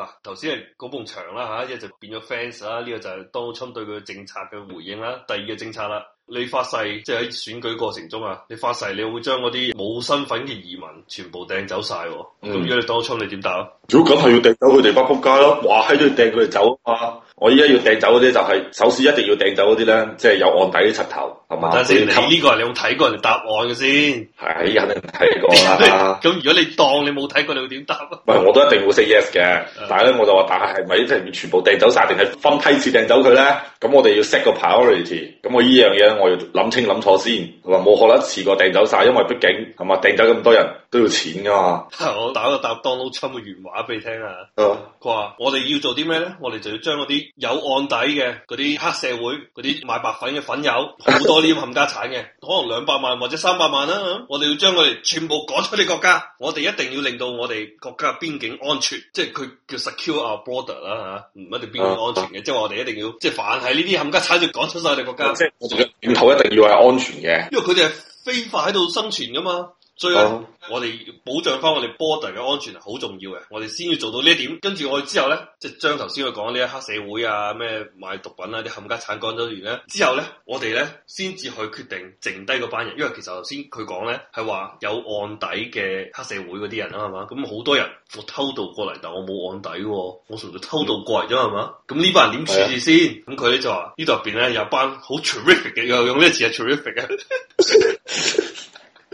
嗱，頭先係嗰埲牆啦嚇、啊，一就變咗 fans 啦、啊，呢、這個就係當初對佢政策嘅回應啦。第二個政策啦。你發誓即係喺選舉過程中啊！你發誓你會將嗰啲冇身份嘅移民全部掟走曬，咁、嗯、如果你當初你點答？如果咁係要掟走佢哋，不撲街咯！哇閪都要掟佢哋走啊！我依家要掟走嗰啲就係、是、首先一定要掟走嗰啲咧，即係有案底嘅柒頭，係嘛？但係睇呢個係你有冇睇過人哋答案嘅先，係肯、哎、定睇過啦、啊。咁 如果你當你冇睇過，你會點答啊？唔係我都一定會 say yes 嘅， 但係咧我就話，但係係咪真係全部掟走晒定係分批次掟走佢咧？咁我哋要 set 個 priority，咁我依樣嘢。我要諗清諗錯先，佢話冇可能一次過掟走晒，因為畢竟係嘛，掟走咁多人都要錢噶嘛、啊。打個 Donald Trump 嘅原話俾你聽啊！佢話、啊、我哋要做啲咩咧？我哋就要將嗰啲有案底嘅嗰啲黑社會、嗰啲賣白粉嘅粉友，好多啲冚家產嘅， 可能兩百萬或者三百萬啦、啊。我哋要將佢哋全部趕出你國家，我哋一定要令到我哋國家邊境安全，即係佢叫 secure our border 啦吓，唔、啊、一定邊境安全嘅，即、就、係、是、我哋一定要，即係凡係呢啲冚家產就趕出晒我哋國家。Okay. 頭一定要係安全嘅，因為佢哋係非法喺度生存噶嘛。所以、嗯、我哋保障翻我哋 border 嘅安全係好重要嘅，我哋先要做到呢一點，跟住我哋之後咧，即係將頭先佢講呢一黑社會啊，咩買毒品啊，啲冚家鏟港咗員咧，之後咧，我哋咧先至去決定剩低嗰班人，因為其實頭先佢講咧係話有案底嘅黑社會嗰啲人啊，係嘛，咁好多人我偷渡過嚟，但我冇案底、啊，我純粹偷渡過嚟啫，係嘛，咁呢班人點處置先？咁佢咧就話、啊、呢度入邊咧有班好 terrific 嘅，用呢個詞係 terrific 嘅。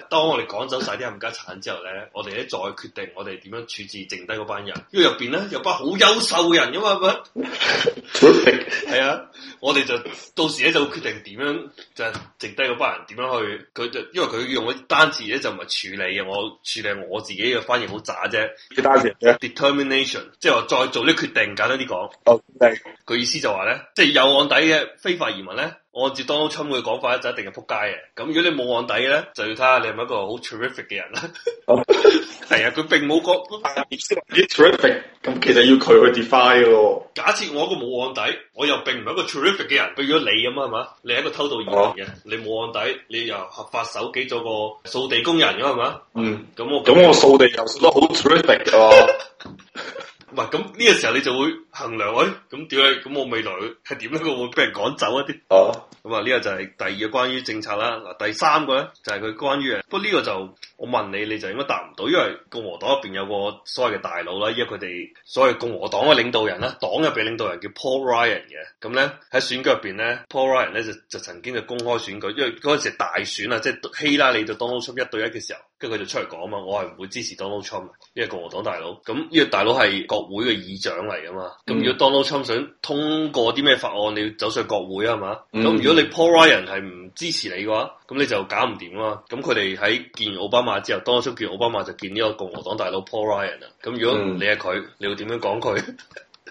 當我哋趕走晒啲冚家產之後咧，我哋咧再決定我哋點樣處置剩低嗰班人，因為入邊咧有班好優秀嘅人噶嘛，係 啊，我哋就到時咧就決定點樣就剩低嗰班人點樣去佢，就因為佢用啲單詞咧就唔係處理嘅，我處理我自己嘅翻譯好渣啫，佢單詞 Determination，即係話再做啲決定簡單啲講，係佢、oh, okay. 意思就話咧，即、就、係、是、有案底嘅非法移民咧。按照當初佢講法，就一定係扑街嘅。咁如果你冇案底嘅咧，就要睇下你係咪一個好 terrific 嘅人啦。係啊，佢並冇講，咁其實要佢去 define 嘅。假設我一個冇案底，我又並唔係一個 terrific 嘅人，如果你咁啊嘛？你係一個偷渡移民嘅， 你冇案底，你又合法手攞咗個掃地工人咁啊嘛？嗯，咁、 嗯、我咁我掃地又掃得好 terrific 唔係，咁呢個時候你就會衡量，喂，咁點啊？咁我未來係點咧？我會俾人趕走一啲。哦、oh. 嗯，咁啊呢個就係第二嘅關於政策啦。第三個咧就係、是、佢關於啊，不過呢個就我問你，你就應該答唔到，因為共和黨入邊有個所謂嘅大佬啦，因為佢哋所謂共和黨嘅領導人啦，黨入邊領導人叫 Paul Ryan 嘅。咁咧喺選舉入邊咧，Paul Ryan 咧就就曾經就公開選舉，因為嗰陣時大選啊，即、就、係、是、希拉里就當到出一對一嘅時候。跟住佢就出嚟講啊嘛，我係唔會支持 Donald Trump，因為共和黨大佬，咁、這、呢個大佬係國會嘅議長嚟啊嘛，咁、嗯、如果 Donald Trump 想通過啲咩法案，你要走上國會啊嘛，咁、嗯、如果你 Paul Ryan 係唔支持你嘅話，咁你就搞唔掂啊嘛，咁佢哋喺見奧巴馬之後，Donald Trump 見奧巴馬就見呢個共和黨大佬 Paul Ryan 啊，咁如果、嗯、你係佢，你會點樣講佢？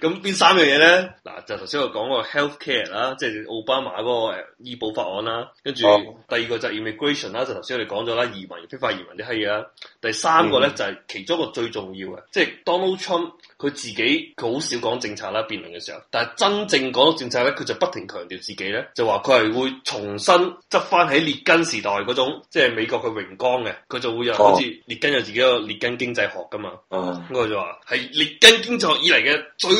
咁邊三樣嘢咧？嗱，就頭先我講個 health care 啦，即係奧巴馬嗰、那個誒、呃、醫保法案啦。跟住、啊、第二個就係 immigration 啦，就頭先我哋講咗啦，移民非法移民啲閪嘢啦。第三個咧、嗯、就係其中一個最重要嘅，即係 Donald Trump 佢自己佢好少講政策啦，辯論嘅時候，但係真正講到政策咧，佢就不停強調自己咧，就話佢係會重新執翻喺列根時代嗰種，即係美國嘅榮光嘅。佢就會有、啊、好似列根有自己一個列根經濟學噶嘛。哦、啊，佢、啊、就話係列根經濟學以嚟嘅最。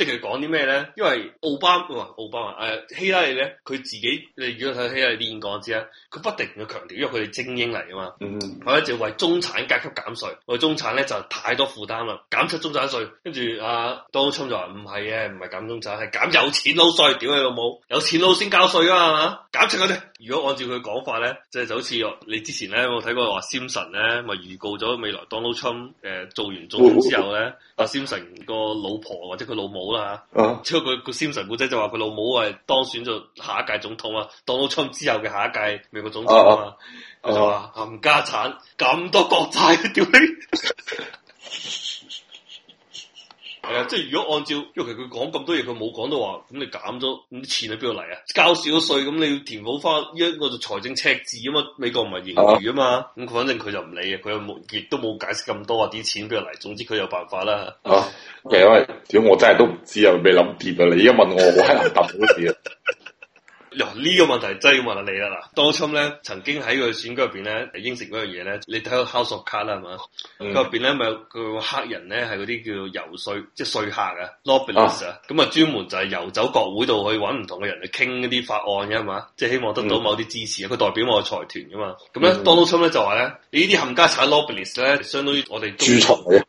即係講啲咩咧？因為奧巴馬，奧巴馬誒，希拉里咧，佢自己你如果睇希拉里演講知啦，佢不停嘅強調，因為佢哋精英嚟㗎嘛。嗯，佢一直為中產階級減稅，我中產咧就太多負擔啦，減出中產稅。跟住阿 Donald Trump 就話唔係嘅，唔係減中產，係減有錢佬稅。屌你老母，有錢佬先交稅啊嘛，減出佢哋。如果按照佢講法咧，即係就好似你之前咧有冇睇過話，Simpson 咧咪預告咗未來 Donald Trump 春誒做完總統之後咧，阿 Simpson 個老婆或者佢老母。吓，uh huh. 之後佢個先神古仔就話佢、uh huh. 老母係當選咗下一屆總統啊，當到特朗普之後嘅下一屆美國總統啊嘛，佢、uh huh. 就話：「冚家鏟，咁多國債，債， 叫你！即係如果按照，因為其實佢講咁多嘢，佢冇講到話，咁你減咗，咁啲錢喺邊度嚟啊？交少稅，咁你要填補翻，依家我做財政赤字啊嘛，美國唔係盈餘啊嘛，咁佢、啊啊、反正佢就唔理嘅，佢又亦都冇解釋咁多啊，啲錢邊度嚟？總之佢有辦法啦。啊，okay, 因為點我真係都唔知啊，未諗掂啊，你而家問我，我南好難答嗰啲啊。 呢個問題真係要問下你啦。嗱，Trump 咧曾經喺佢選舉入邊咧應承嗰樣嘢咧，你睇下 House of Cards 啦係嘛？佢入邊咧咪有個黑人咧係嗰啲叫游説，即係説客啊，lobbyist 啊，咁啊專門就係游走國會度去揾唔同嘅人嚟傾一啲法案㗎嘛，即係希望得到某啲支持啊。佢、嗯、代表某個財團㗎嘛，咁咧 Trump 咧就話咧，你呢啲冚家產 lobbyist 咧，相當於我哋，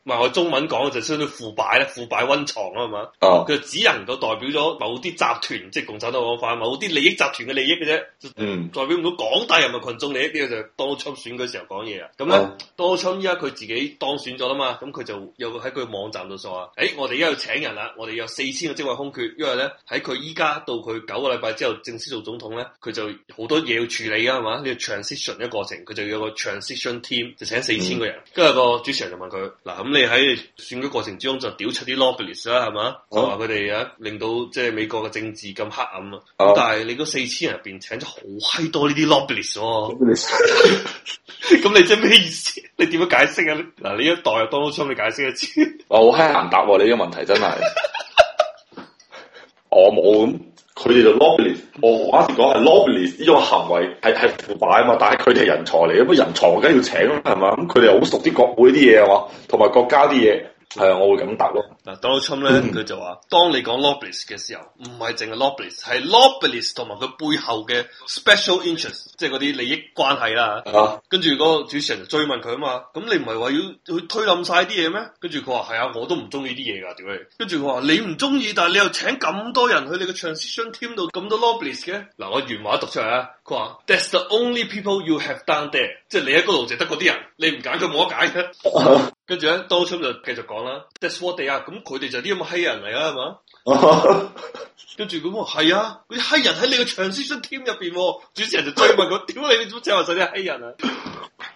唔係我中文講就相當於腐敗咧，腐敗溫床啊，係嘛？哦，佢只能夠代表咗某啲集團，即係共產黨講法，某啲利益。集團嘅利益嘅啫，代表唔到廣大人民群眾利益。呢個就當初選舉嘅時候講嘢啊，咁咧、嗯，當初依家佢自己當選咗啦嘛，咁佢就又喺佢網站度話：，誒、欸，我哋而家要請人啦，我哋有四千個職位空缺，因為咧喺佢依家到佢九個禮拜之後正式做總統咧，佢就好多嘢要處理噶嘛，呢、這個 transition 嘅過程，佢就要有個 transition team 就請四千個人。跟住、嗯、個主持人就問佢：，嗱、啊，咁你喺選舉過程之中就屌出啲 lobbyist 啦，係嘛、嗯？就話佢哋啊，令到即係美國嘅政治咁黑暗啊。咁、嗯、但係是你。嗯四千人入面、哦，請咗好嗨多呢啲 lobbyist 喎，咁你即係咩意思？你點樣解釋啊？嗱，呢一代 Donald Trump，你解釋一次。我好嗨難答喎、啊，你呢個問題真係、 哦哦，我冇咁，佢哋就 lobbyist，我啱先講係 lobbyist 呢種行為係係腐敗啊嘛，但係佢哋係人才嚟，咁啊人才我梗要請啦，係嘛，咁佢哋又好熟啲國會啲嘢係嘛，同埋國家啲嘢。係、嗯、啊，我會咁答咯。嗱，Donald Trump 咧，佢就話：當你講 lobbyist 嘅時候，唔係淨係 lobbyist，係 lobbyist 同埋佢背後嘅 special interest，即係嗰啲利益關係啦。啊，跟住嗰個主持人就追問佢啊嘛，咁你唔係話要佢推冧晒啲嘢咩？跟住佢話：係啊，我都唔中意啲嘢㗎，點解？跟住佢話：你唔中意，但係你又請咁多人去你個 transition team 度咁多 lobbyist 嘅？嗱、啊，我原話讀出嚟啊。佢話：That's the only people you have down there，即係你喺嗰度就得嗰啲人，你唔揀佢冇得揀嘅。 跟住咧，Donald Trump 就繼續講啦。That's what they are、嗯、 啊，咁佢哋就啲咁嘅閪人嚟啦，係嘛？跟住佢話係啊，嗰啲閪人喺你嘅 transition team 入邊，主持人就追問佢：屌 你，你即係話嗰啲係閪人啊？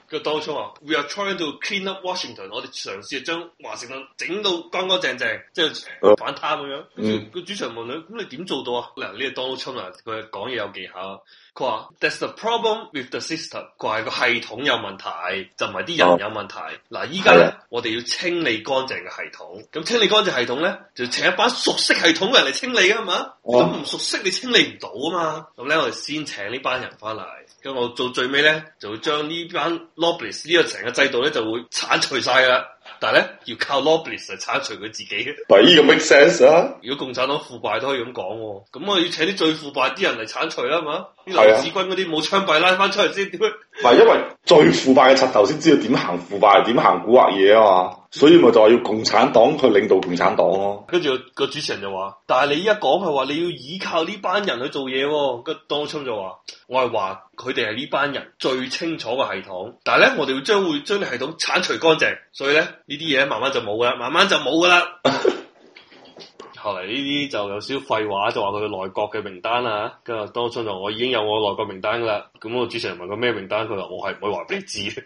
佢 Donald Trump 話：We are trying to clean up Washington，我哋嘗試將華盛頓整到乾乾淨淨，即係反貪咁樣。跟住個主持人問佢：咁你點做到啊？嗱，呢個 Donald Trump 啊，佢講嘢有技巧。佢話 That's the problem with the system。佢係個系統有問題，就唔係啲人有問題。嗱、啊，依家咧，的我哋要清理乾淨嘅系統。咁清理乾淨系統咧，就請一班熟悉系統嘅人嚟清理嘅係嘛？咁唔熟悉，你清理唔到啊嘛。咁咧，我哋先請呢班人翻嚟，咁我做最尾咧，就會將呢班 lobbyists 呢個成個制度咧，就會鏟除晒噶。但係咧，要靠 lobbyists 嚟鏟除佢自己嘅。喂，依個 make sense 啊？如果共產黨腐敗都可以咁講、啊，咁我要請啲最腐敗啲人嚟鏟除啦嘛？係啊，劉志軍嗰啲冇槍斃拉翻出嚟先，點樣的？唔係 因為最腐敗嘅柒頭先知道點行腐敗，點行蠱惑嘢啊嘛，所以咪就話要共產黨去領導共產黨咯、啊。跟住、個主持人就話，但係你依家講係話你要依靠呢班人去做嘢、啊，跟當初就話我係話佢哋係呢班人最清楚嘅系統，但係咧我哋會將會將啲系統剷除乾淨，所以咧呢啲嘢慢慢就冇噶啦，慢慢就冇噶啦。 後來呢啲就有少少廢話，就話佢嘅內閣嘅名單啦，跟住當初就我已經有我內閣名單噶啦，咁我主持人問佢咩名單？佢話我係唔會話俾你知，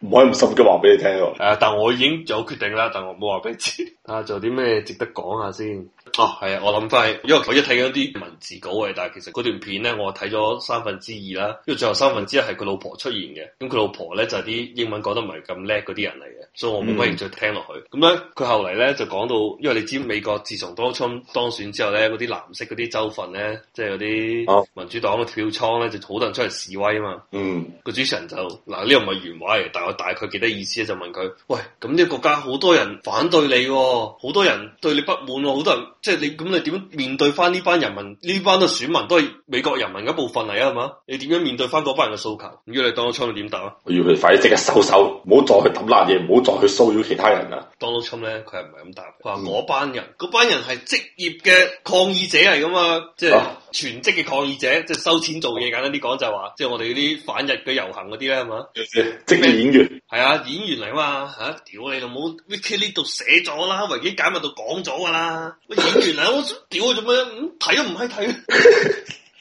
唔可以咁心急話俾你聽喎。誒、啊，但我已經有決定啦，但我冇話俾你知。 啊，仲有啲咩值得講下先？哦，係啊，我諗翻，因為佢一睇嗰啲文字稿啊，但係其實嗰段片咧，我睇咗三分之二啦，因為最後三分之一係佢老婆出現嘅，咁佢老婆咧就啲、係、英文講得唔係咁叻嗰啲人嚟嘅，所以我冇乜嘢再聽落去。咁咧、嗯，佢後嚟咧就講到，因為你知美國自從當初當選之後咧，嗰啲藍色嗰啲州份咧，即係嗰啲民主黨嘅票倉咧，就好多人出嚟示威啊嘛。嗯，個主持人就嗱呢個唔係原話嚟，但係我大概記得意思咧，就問佢：喂，咁呢個國家好多人反對你，哦，好多人對你不滿，好多，多人。即係你咁你點面對翻呢班人民，呢班嘅選民都係美國人民嘅一部分嚟啊，係嘛？你點樣面對翻嗰班人嘅訴求？要你 Donald Trump 嘅點答？我要佢快啲即刻收手，唔好再去抌爛嘢，唔好再去騷擾其他人啦。Donald Trump 咧，佢係唔係咁答？佢話嗰班人，嗰、嗯、班人係職業嘅抗議者嚟噶嘛？即、就、係、是。啊全職嘅抗議者，即係收錢做嘢，簡單啲講就係話，即係我哋嗰啲反日嘅遊行嗰啲咧，係嘛？職業演員係 啊，演員嚟啊嘛吓，屌你老母，wiki 呢度寫咗啦，維基解密度講咗噶啦，喂，演員嚟，我 屌做咩？睇都唔閪睇，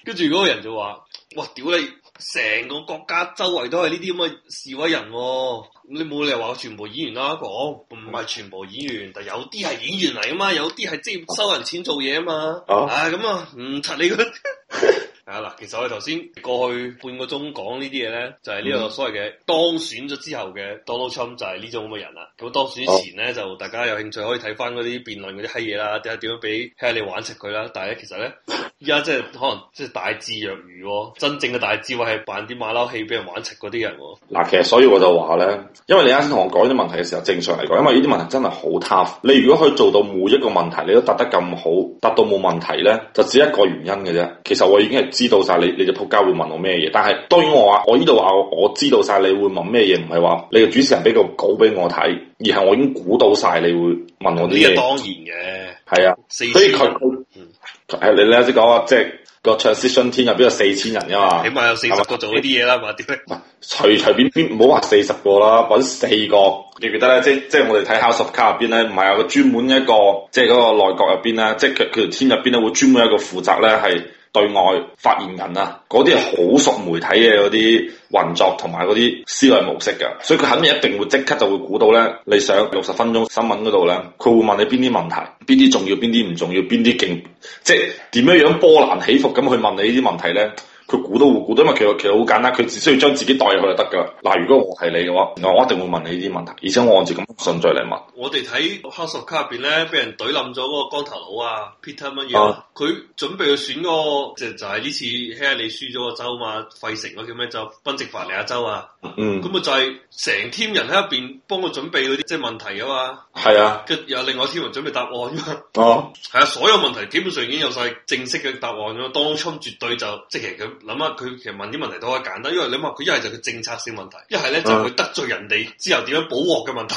跟住嗰個人就話：哇，屌你，成個國家周圍都係呢啲咁嘅示威人啊。你冇理由話我全部演員啦講，唔係全部演員，但有啲係演員嚟啊嘛，有啲係即係收人錢做嘢啊嘛，啊，咁啊，唔柒理佢。嗯 啊嗱，其實我哋頭先過去半個鐘講呢啲嘢咧，就係、是、呢個所謂嘅當選咗之後嘅 Donald Trump 就係呢種咁嘅人啦。咁當選前咧，哦、就大家有興趣可以睇翻嗰啲辯論嗰啲閪嘢啦，睇下點樣俾睇下你玩食佢啦。但係咧，其實咧，依家即係可能即係大智若愚、哦，真正嘅大智慧係扮啲馬騮戲俾人玩食嗰啲人、哦。嗱，其實所以我就話咧，因為你啱先同我講啲問題嘅時候，正常嚟講，因為呢啲問題真係好 tough。你如果可以做到每一個問題你都答得咁好，答到冇問題咧，就只一個原因嘅啫。其實我已經係。知道晒，你你隻仆街會問我咩嘢？但係當然我話我呢度話，我知道晒你會問咩嘢，唔係話你嘅主持人俾個稿俾我睇，而係我已經估到晒你會問我啲嘢。當然嘅，係啊，4, 所以佢係、嗯、你你啱先講啊，即、就、係、是、個 transition team 入邊有四千人啊嘛，起碼有四十個做呢啲嘢啦嘛啲咩？吧隨隨便便唔好話四十個啦，或者四個，記唔記得咧？即即係我哋睇下 House of Cards 入邊咧，唔係有個專門一個，即係嗰個內閣入邊啦，即係佢佢 team 入邊咧，會專門一個負責咧係。對外發言人啊，嗰啲好熟媒體嘅嗰啲運作同埋嗰啲思維模式㗎，所以佢肯定一定會即刻就會估到咧，你上六十分鐘新聞嗰度咧，佢會問你邊啲問題，邊啲重要，邊啲唔重要，邊啲勁，即係點樣樣波瀾起伏咁去問你呢啲問題咧。佢估都估到，因為其實其實好簡單，佢只需要將自己代入去就得噶。嗱、啊，如果我係你嘅話，我一定會問你呢啲問題，而且我按照咁順序嚟問。我哋睇《黑索卡》入邊咧，俾人懟冧咗嗰個光頭佬啊，Peter 乜嘢？佢、啊、準備去選嗰個，就就係呢次希拉里輸咗個州嘛，費城嗰叫咩州？賓夕法尼亞州啊。嗯。咁啊，就係成 team 人喺入邊幫佢準備嗰啲即係問題啊嘛。係啊。佢又另外 team 人準備答案啊嘛。哦、啊。係啊，所有問題基本上已經有晒正式嘅答案咯。當槍絕對就即係咁。諗下佢其實問啲問題都好簡單，因為你諗下佢一係就佢政策性問題，一係咧就佢、是、得罪人哋之後點樣補鑊嘅問題，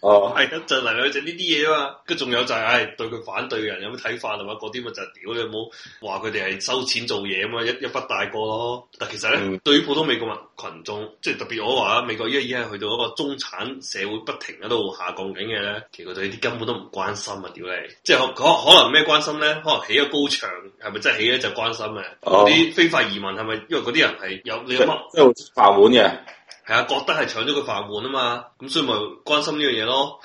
係得罪嚟嘅就呢啲嘢啊嘛。跟住仲有就係、是、誒、哎、對佢反對嘅人有咩睇法啊嘛，嗰啲咪就屌你冇話佢哋係收錢做嘢啊嘛，一一筆帶過咯。但其實咧，嗯、對於普通美國民群眾，即係特別我話美國依家已經係去到一個中產社會不停喺度下降緊嘅咧，其實對呢啲根本都唔關心啊！屌你，即係可能咩關心咧？可能起咗高牆，係咪真係起咧就關心啊？啲、嗯、非法。移民係咪因為嗰啲人係有是你有乜即係飯碗嘅？係啊，覺得係搶咗佢飯碗啊嘛，咁所以咪關心呢樣嘢咯。